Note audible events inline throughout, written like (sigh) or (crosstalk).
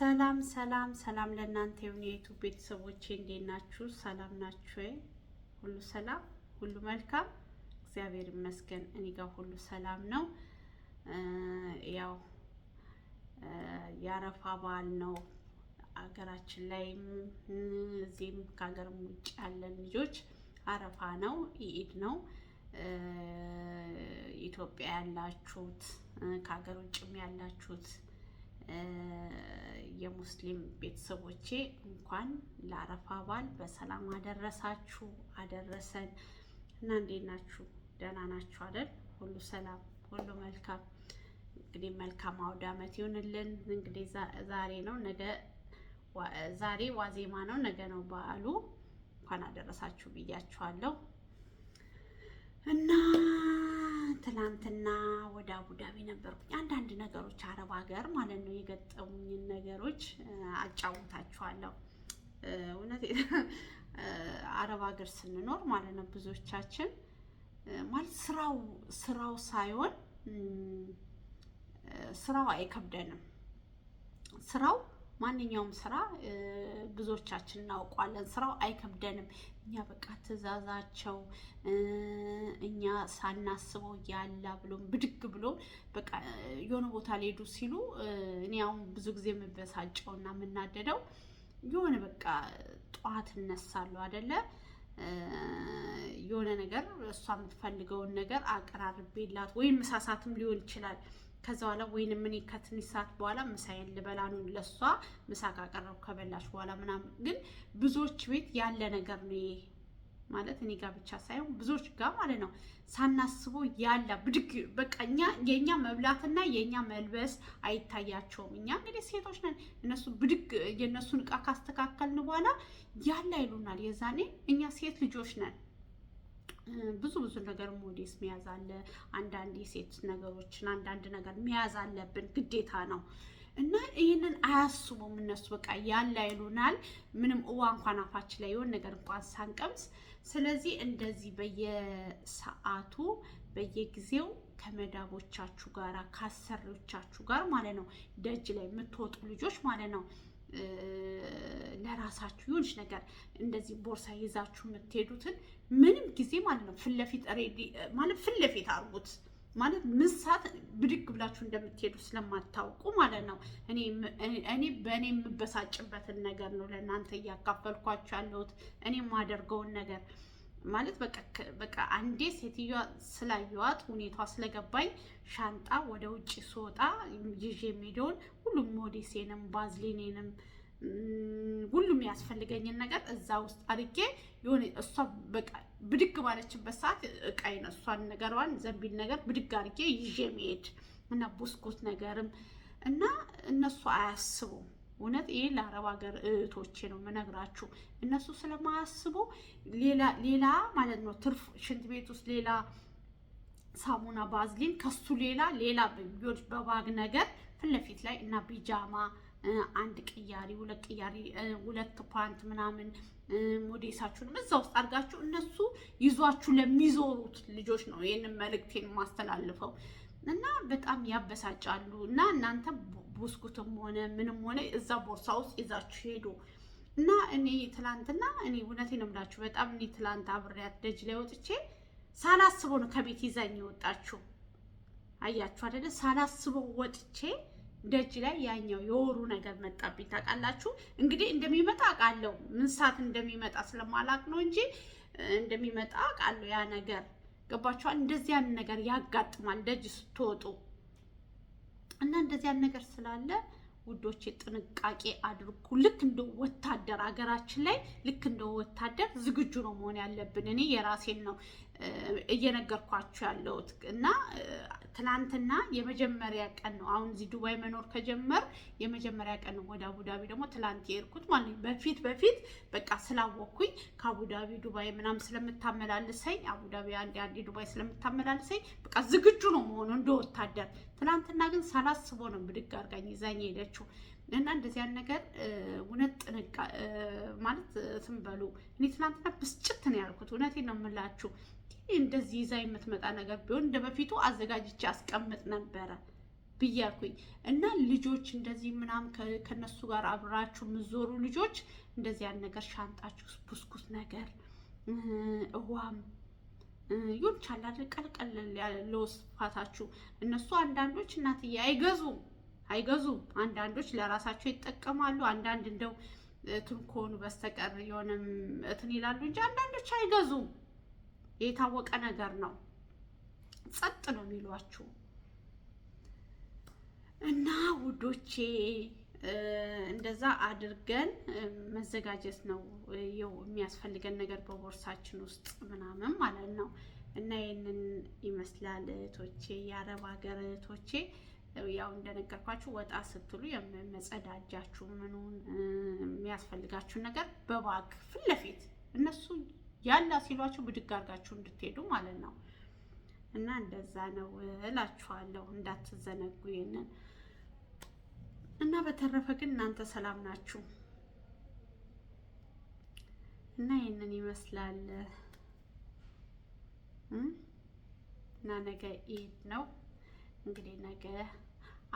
ሰላም ሰላም ሰላም ለእናንተ የሆኑ የዩቱብ ቤተሰቦቼ እንዴት ናችሁ? ሰላም ናችሁ? ሁሉ ሰላም፣ ሁሉ መልካም፣ እግዚአብሔር ይመስገን። እኔ ጋር ሁሉ ሰላም ነው። ያው የአረፋ በዓል ነው አገራችን ላይም እዚህም ከሀገርም ውጭ ያለን ልጆች አረፋ ነው፣ ኢድ ነው። ኢትዮጵያ ያላችሁት ከሀገር ውጭም ያላችሁት የሙስሊም ቤተሰቦቼ እንኳን ለአረፋ በዓል በሰላም አደረሳችሁ አደረሰን። እና እንዴት ናችሁ? ደህና ናችሁ አይደል? ሁሉ ሰላም፣ ሁሉ መልካም። እንግዲህ መልካም አውደ ዓመት ይሁንልን። እንግዲህ ዛሬ ነው ነገ ዛሬ ዋዜማ ነው፣ ነገ ነው በዓሉ። እንኳን አደረሳችሁ ብያችኋለሁ እና ትላንትና ወደ አቡዳቢ ነበርኩኝ። አንዳንድ ነገሮች አረብ ሀገር ማለት ነው የገጠሙኝን ነገሮች አጫውታችኋለሁ። እውነት (laughs) አረብ ሀገር ስንኖር ማለት ነው ብዙዎቻችን ማለት ስራው ስራው ሳይሆን ስራው አይከብደንም። ስራው ማንኛውም ስራ ብዙዎቻችን እናውቋለን። ስራው አይከብደንም። እኛ በቃ ትእዛዛቸው እኛ ሳናስበው ያላ ብሎም ብድግ ብሎ በቃ የሆነ ቦታ ሊሄዱ ሲሉ እኔ አሁን ብዙ ጊዜ የምበሳጨው እና የምናደደው የሆነ በቃ ጠዋት እነሳለሁ አደለ የሆነ ነገር እሷ የምትፈልገውን ነገር አቀራርቤላት ወይም መሳሳትም ሊሆን ይችላል ከዛ በኋላ ወይንም እኔ ከትንሽ ሰዓት በኋላ ምሳዬን ልበላ ነው ለሷ ምሳ ካቀረብ ከበላሽ በኋላ ምናምን። ግን ብዙዎች ቤት ያለ ነገር ነው ይሄ ማለት እኔ ጋር ብቻ ሳይሆን ብዙዎች ጋር ማለት ነው። ሳናስበው ያላ ብድግ በቃ እኛ የእኛ መብላትና የእኛ መልበስ አይታያቸውም። እኛ እንግዲህ ሴቶች ነን፣ እነሱ ብድግ የእነሱን ዕቃ ካስተካከልን በኋላ ያላ ይሉናል። የዛኔ እኛ ሴት ልጆች ነን። ብዙ ብዙ ነገር ሞዴስ መያዝ አለ። አንዳንድ የሴት ነገሮችን አንዳንድ ነገር መያዝ አለብን፣ ግዴታ ነው እና ይህንን አያስቡም እነሱ። በቃ ያለ ይሉናል። ምንም እዋ እንኳን አፋችን ላይ የሆን ነገር እንኳን ሳንቀምስ። ስለዚህ እንደዚህ በየሰዓቱ በየጊዜው ከመዳቦቻችሁ ጋር ከአሰሪዎቻችሁ ጋር ማለት ነው ደጅ ላይ የምትወጡ ልጆች ማለት ነው ለራሳችሁ ይሁንሽ ነገር እንደዚህ ቦርሳ ይዛችሁ የምትሄዱትን ምንም ጊዜ ማለት ነው ፍለፊት ሬዲ ማለት ፍለፊት አርጉት ማለት ምን ሰዓት ብድግ ብላችሁ እንደምትሄዱ ስለማታውቁ ማለት ነው። እኔ በእኔ የምበሳጭበትን ነገር ነው ለእናንተ እያካፈልኳችሁ ያለሁት እኔ የማደርገውን ነገር ማለት በቃ አንዴ ሴትዮዋ ስላየዋት ሁኔቷ ስለገባኝ ሻንጣ ወደ ውጭ ስወጣ ይዤ የሚሄደውን ሁሉም ሞዴሴንም ባዝሊኔንም ሁሉም ያስፈልገኝን ነገር እዛ ውስጥ አድርጌ የሆነ እሷ በቃ ብድግ ባለችበት ሰዓት እቃይን እሷን ነገሯን ዘንቢል ነገር ብድግ አድርጌ ይዤ መሄድ እና ቡስኩት ነገርም እና እነሱ አያስቡም። እውነት ይህ ለአረብ ሀገር እህቶቼ ነው የምነግራችሁ። እነሱ ስለማያስቡ ሌላ ማለት ነው ትርፍ ሽንት ቤት ውስጥ ሌላ ሳሙና ባዝሊን፣ ከሱ ሌላ ሌላ በባግ ነገር ፊት ለፊት ላይ እና ቢጃማ አንድ ቅያሪ ሁለት ቅያሪ ሁለት ፓንት ምናምን ሞዴሳችሁን እዛ ውስጥ አድርጋችሁ እነሱ ይዟችሁ ለሚዞሩት ልጆች ነው ይህንን መልእክቴን ማስተላልፈው እና በጣም ያበሳጫሉ እና እናንተ ብስኩትም ሆነ ምንም ሆነ እዛ ቦርሳ ውስጥ ይዛችሁ ሄዱ እና እኔ ትላንትና እኔ እውነቴ ነው የምላችሁ በጣም እኔ ትላንት አብሬያት ደጅ ላይ ወጥቼ ሳላስበው ነው ከቤት ይዛኝ የወጣችሁ። አያችሁ አይደለ? ሳላስበው ወጥቼ ደጅ ላይ ያኛው የወሩ ነገር መጣብኝ። ታውቃላችሁ እንግዲህ እንደሚመጣ አውቃለሁ። ምን ሰዓት እንደሚመጣ ስለማላውቅ ነው እንጂ እንደሚመጣ አውቃለሁ። ያ ነገር ገባችኋል? እንደዚህ ያን ነገር ያጋጥማል ደጅ ስትወጡ እና እንደዚያን ነገር ስላለ ውዶቼ ጥንቃቄ አድርጉ። ልክ እንደ ወታደር አገራችን ላይ ልክ እንደ ወታደር ዝግጁ ነው መሆን ያለብን። እኔ የራሴን ነው እየነገርኳችሁ ያለሁት እና ትናንትና የመጀመሪያ ቀን ነው። አሁን እዚህ ዱባይ መኖር ከጀመር የመጀመሪያ ቀን ነው። ወደ አቡዳቢ ደግሞ ትላንት የሄድኩት ማለት ነው። በፊት በፊት በቃ ስላወቅኩኝ ከአቡዳቢ ዱባይ ምናምን ስለምታመላልሰኝ አቡዳቢ አንድ አንዴ ዱባይ ስለምታመላልሰኝ በቃ ዝግጁ ነው መሆኑ እንደ ወታደር። ትናንትና ግን ሳላስቦ ነው ብድግ አድርጋኝ ይዛኝ ሄደችው። እና እንደዚያን ነገር እውነት ጥንቃ ማለት ስንበሉ እኔ ትናንትና ብስጭት ነው ያልኩት። እውነቴን ነው የምላችሁ እንደዚህ ይዛ የምትመጣ ነገር ቢሆን እንደ በፊቱ አዘጋጅቼ አስቀምጥ ነበረ ብያኩኝ እና ልጆች እንደዚህ ምናምን ከነሱ ጋር አብራችሁ የምዞሩ ልጆች እንደዚህ ያን ነገር ሻንጣችሁ ቡስኩስ ነገር እዋም ይሁን ቻላል ቀልቀል ለወስፋታችሁ እነሱ አንዳንዶች እናትዬ አይገዙም አይገዙም። አንዳንዶች ለራሳቸው ይጠቀማሉ። አንዳንድ እንደው እንትን ከሆኑ በስተቀር የሆነም እትን ይላሉ እንጂ አንዳንዶች አይገዙም። የታወቀ ነገር ነው። ጸጥ ነው የሚሏችሁ እና ውዶቼ እንደዛ አድርገን መዘጋጀት ነው ይኸው የሚያስፈልገን ነገር በቦርሳችን ውስጥ ምናምን ማለት ነው። እና ይህንን ይመስላል እህቶቼ፣ የአረብ ሀገር እህቶቼ ያው እንደነገርኳችሁ ወጣ ስትሉ የመጸዳጃችሁ ምኑን የሚያስፈልጋችሁን ነገር በባግ ፊት ለፊት እነሱ ያላ ሲሏችሁ ብድግ አድርጋችሁ እንድትሄዱ ማለት ነው። እና እንደዛ ነው እላችኋለሁ፣ እንዳትዘነጉ ይሄንን እና በተረፈ ግን እናንተ ሰላም ናችሁ እና ይህንን ይመስላል እና ነገ ኢድ ነው እንግዲህ ነገ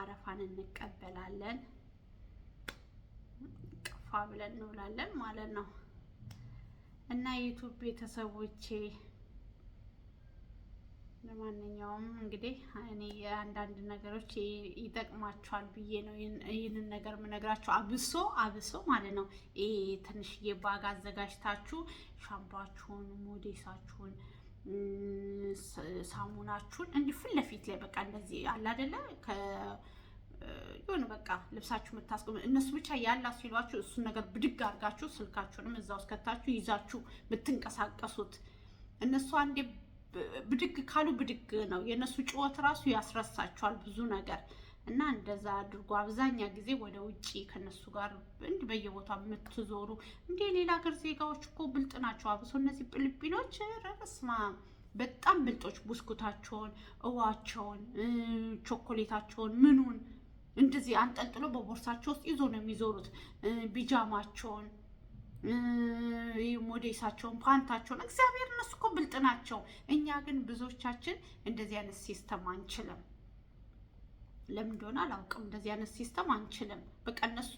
አረፋን እንቀበላለን። ቀፋ ብለን እንውላለን ማለት ነው። እና ዩቱብ ቤተሰቦቼ ለማንኛውም እንግዲህ እኔ የአንዳንድ ነገሮች ይጠቅማቸዋል ብዬ ነው ይህንን ነገር የምነግራቸው። አብሶ አብሶ ማለት ነው ይሄ ትንሽዬ ባግ አዘጋጅታችሁ ሻምፖችሁን፣ ሞዴሳችሁን፣ ሳሙናችሁን እንዲህ ፊት ለፊት ላይ በቃ እንደዚህ አለ አይደለ የሆነ በቃ ልብሳችሁ የምታስቆም እነሱ ብቻ ያላ ሲሏችሁ እሱን ነገር ብድግ አድርጋችሁ ስልካችሁንም እዛ ውስጥ ከታችሁ ይዛችሁ የምትንቀሳቀሱት እነሱ አንዴ ብድግ ካሉ ብድግ ነው። የእነሱ ጩኸት ራሱ ያስረሳችኋል ብዙ ነገር እና እንደዛ አድርጎ አብዛኛ ጊዜ ወደ ውጭ ከነሱ ጋር እንዲህ በየቦታ የምትዞሩ እንደ ሌላ ሀገር ዜጋዎች እኮ ብልጥ ናቸው። አብሶ እነዚህ ፊሊፒኖች ረስማ በጣም ብልጦች፣ ብስኩታቸውን፣ እዋቸውን፣ ቾኮሌታቸውን ምኑን እንደዚህ አንጠልጥሎ በቦርሳቸው ውስጥ ይዞ ነው የሚዞሩት። ቢጃማቸውን፣ ሞዴሳቸውን፣ ፓንታቸውን። እግዚአብሔር እነሱ እኮ ብልጥ ናቸው። እኛ ግን ብዙዎቻችን እንደዚህ አይነት ሲስተም አንችልም። ለምን እንደሆነ አላውቅም። እንደዚህ አይነት ሲስተም አንችልም። በቃ እነሱ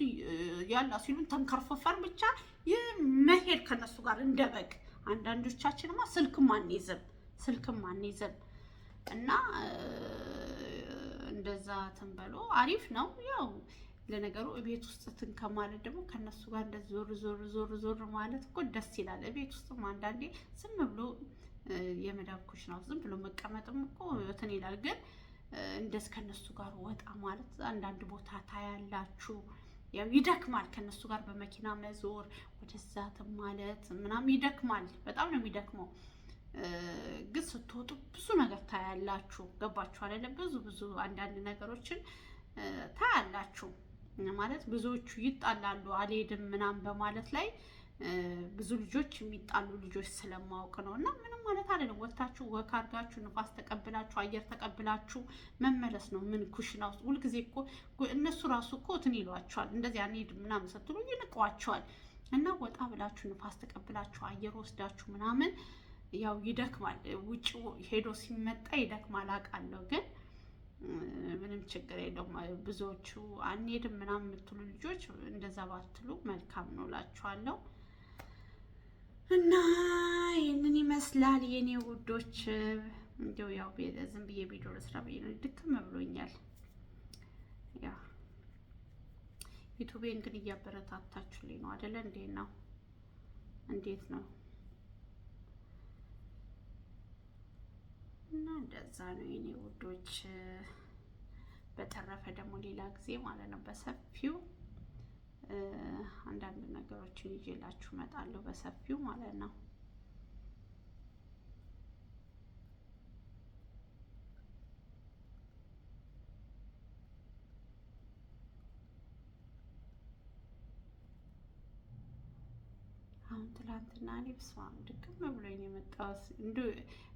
ያላ ሲሉን ተንከርፈፈር ብቻ መሄድ ከነሱ ጋር እንደ በግ። አንዳንዶቻችንማ ስልክም አንይዝም ስልክም አንይዝም እና እንደዛ ትንበሎ አሪፍ ነው። ያው ለነገሩ እቤት ውስጥ ትን ከማለት ደግሞ ከነሱ ጋር እንደ ዞር ዞር ዞር ዞር ማለት እኮ ደስ ይላል። እቤት ውስጥም አንዳንዴ ዝም ብሎ የመዳብ ኩሽና ዝም ብሎ መቀመጥም እኮ እንትን ይላል። ግን እንደዚ ከነሱ ጋር ወጣ ማለት አንዳንድ ቦታ ታያላችሁ። ያው ይደክማል። ከነሱ ጋር በመኪና መዞር ወደዛትም ማለት ምናምን ይደክማል። በጣም ነው የሚደክመው። ግን ስትወጡ ብዙ ነገር ታያላችሁ። ገባችሁ አይደለ? ብዙ ብዙ አንዳንድ ነገሮችን ታያላችሁ። ማለት ብዙዎቹ ይጣላሉ አልሄድም ምናምን በማለት ላይ ብዙ ልጆች የሚጣሉ ልጆች ስለማወቅ ነው። እና ምንም ማለት አይደለም። ወታችሁ ወክ አድርጋችሁ ንፋስ ተቀብላችሁ አየር ተቀብላችሁ መመለስ ነው። ምን ኩሽና ውስጥ ሁልጊዜ እኮ እነሱ ራሱ እኮ እንትን ይሏቸዋል። እንደዚህ አንሄድም ምናምን ስትሉ ይንቀዋቸዋል። እና ወጣ ብላችሁ ንፋስ ተቀብላችሁ አየር ወስዳችሁ ምናምን ያው ይደክማል፣ ውጭ ሄዶ ሲመጣ ይደክማል አውቃለሁ። ግን ምንም ችግር የለውም። ብዙዎቹ አንሄድም ምናምን የምትሉ ልጆች እንደዛ ባትሉ መልካም ነው እላችኋለሁ። እና ይህንን ይመስላል የኔ ውዶች። እንዲያው ያው ዝም ብዬ ቪዲዮ ልስራ ብዬ ነው ድክም ብሎኛል። ያው ዩቱቤን ግን እያበረታታችሁልኝ ነው አደለ እንዴ? ነው እንዴት ነው እና እንደዛ ነው የኔ ውዶች። በተረፈ ደግሞ ሌላ ጊዜ ማለት ነው በሰፊው አንዳንድ ነገሮችን ይዤላችሁ እመጣለሁ በሰፊው ማለት ነው። አሁን ትላንትና እኔ በስመ አብ ድክም ብሎኝ ነው የመጣሁት።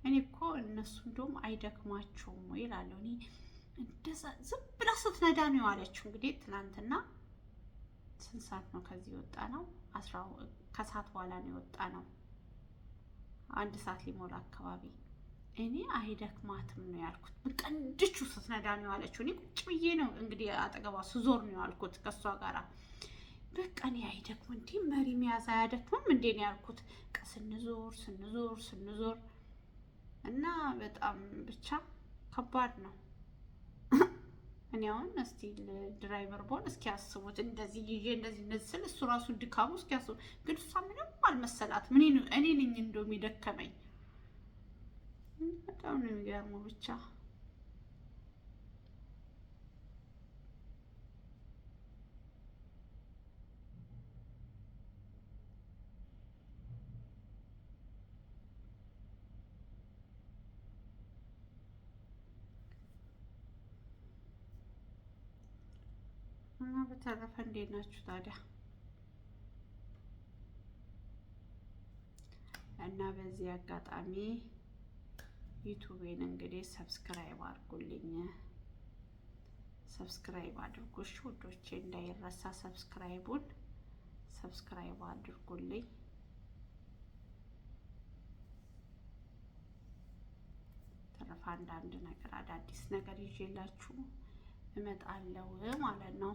እኔ እኮ እነሱ እንደውም አይደክማቸውም ወይ እላለሁ እኔ እንደዛ ዝም ብላ ስትነዳ ነው የዋለችው። እንግዲህ ትላንትና ስንት ሰዓት ነው ከዚህ የወጣ ነው? ከሰዓት በኋላ ነው የወጣ ነው። አንድ ሰዓት ሊሞላ አካባቢ እኔ አይደክማትም ነው ያልኩት። በቃ እንድቹ ስትነዳ ነው የዋለችው። እኔ ቁጭ ብዬ ነው እንግዲህ አጠገቧ ስዞር ነው ያልኩት ከእሷ ጋራ በቃ እኔ አይደክም እንዲ መሪ መያዝ አያደክምም እንዴ ነው ያልኩት። በቃ ስንዞር ስንዞር ስንዞር እና በጣም ብቻ ከባድ ነው። እኔ አሁን እስቲ ድራይቨር ቦን እስኪ አስቡት፣ እንደዚህ ይዤ እንደዚህ እንደዚህ ስል እሱ ራሱ ድካሙ እስኪ ያስቡት። ግን እሷ ምንም አልመሰላት። ምን እኔ ነኝ እንደውም የደከመኝ በጣም ነው የሚገርመው ብቻ እና በተረፈ እንዴት ናችሁ ታዲያ? እና በዚህ አጋጣሚ ዩቱቤን እንግዲህ ሰብስክራይብ አድርጉልኝ። ሰብስክራይብ አድርጉ እሺ ውዶቼ፣ እንዳይረሳ ሰብስክራይቡን ሰብስክራይብ አድርጉልኝ። ተረፈ አንዳንድ ነገር አዳዲስ ነገር ይዤላችሁ እመጣለሁ ማለት ነው።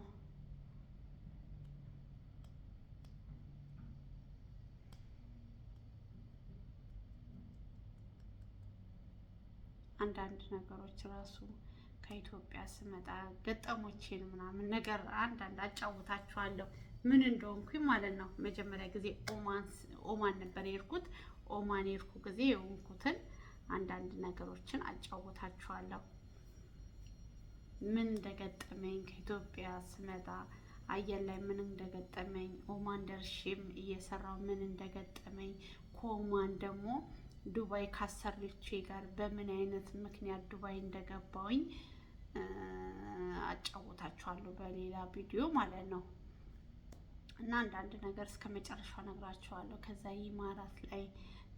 አንዳንድ ነገሮች ራሱ ከኢትዮጵያ ስመጣ ገጠሞቼን ምናምን ነገር አንዳንድ አጫውታችኋለሁ ምን እንደሆንኩኝ ማለት ነው። መጀመሪያ ጊዜ ኦማን ነበር የሄድኩት። ኦማን የሄድኩ ጊዜ የሆንኩትን አንዳንድ ነገሮችን አጫውታችኋለሁ። ምን እንደገጠመኝ ከኢትዮጵያ ስመጣ አየር ላይ ምን እንደገጠመኝ፣ ኦማን ደርሼም እየሰራው ምን እንደገጠመኝ ኮማን ደግሞ ዱባይ ካሰሪቼ ጋር በምን አይነት ምክንያት ዱባይ እንደገባውኝ አጫውታችኋለሁ በሌላ ቪዲዮ ማለት ነው። እና አንዳንድ ነገር እስከ መጨረሻው እነግራችኋለሁ። ከዛ ኢማራት ላይ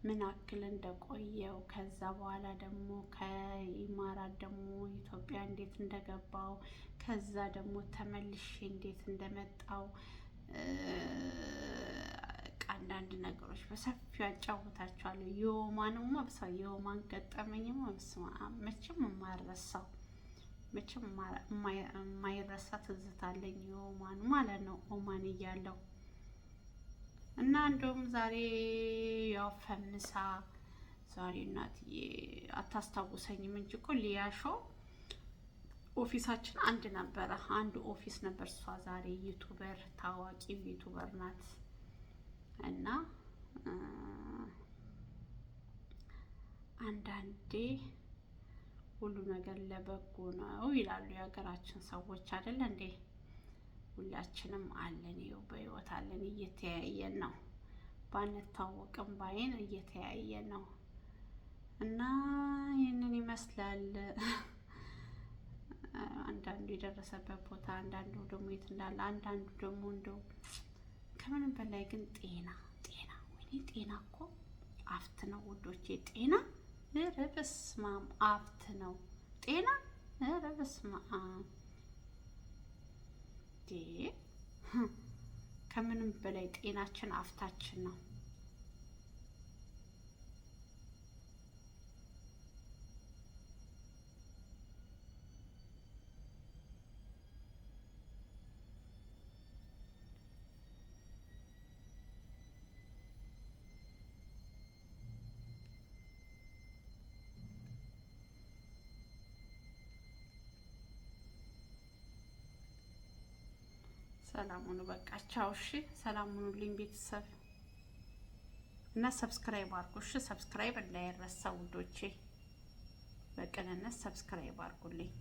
ምን አክል እንደቆየው ከዛ በኋላ ደግሞ ከኢማራት ደግሞ ኢትዮጵያ እንዴት እንደገባው ከዛ ደግሞ ተመልሼ እንዴት እንደመጣው አንዳንድ ነገሮች በሰፊው ያጫውታቸዋለሁ። የኦማንም መብሰው የኦማን ገጠመኝም በስመ አብ መቼም የማይረሳው መቼም የማይረሳ ትዝታለኝ የኦማን ማለት ነው። ኦማን እያለው እና እንደውም ዛሬ ያው ፈንሳ ዛሬ እናትዬ አታስታውሰኝም እንጂ እኮ ሊያሾ ኦፊሳችን አንድ ነበረ። አንድ ኦፊስ ነበር። እሷ ዛሬ ዩቱበር ታዋቂ ዩቱበር ናት። እና አንዳንዴ ሁሉ ነገር ለበጎ ነው ይላሉ የሀገራችን ሰዎች አይደል እንዴ? ሁላችንም አለን ይኸው በህይወት አለን። እየተያየን ነው፣ ባንታወቅም ባይን እየተያየን ነው እና ይህንን ይመስላል። አንዳንዱ የደረሰበት ቦታ፣ አንዳንዱ ደግሞ የት እንዳለ፣ አንዳንዱ ደግሞ እንደው ከምንም በላይ ግን ጤና ጤና፣ ወይኔ ጤና እኮ አፍት ነው ውዶቼ። ጤና ርብስማም አፍት ነው ጤና ርብስማም ከምንም በላይ ጤናችን አፍታችን ነው። ሰላም ሁኑ። በቃ ቻው። እሺ፣ ሰላም ሁኑልኝ ቤተሰብ እና ሰብስክራይብ አድርጉ። እሺ፣ ሰብስክራይብ እንዳይረሳ ውዶቼ። በቅንነት ሰብስክራይብ አድርጉልኝ።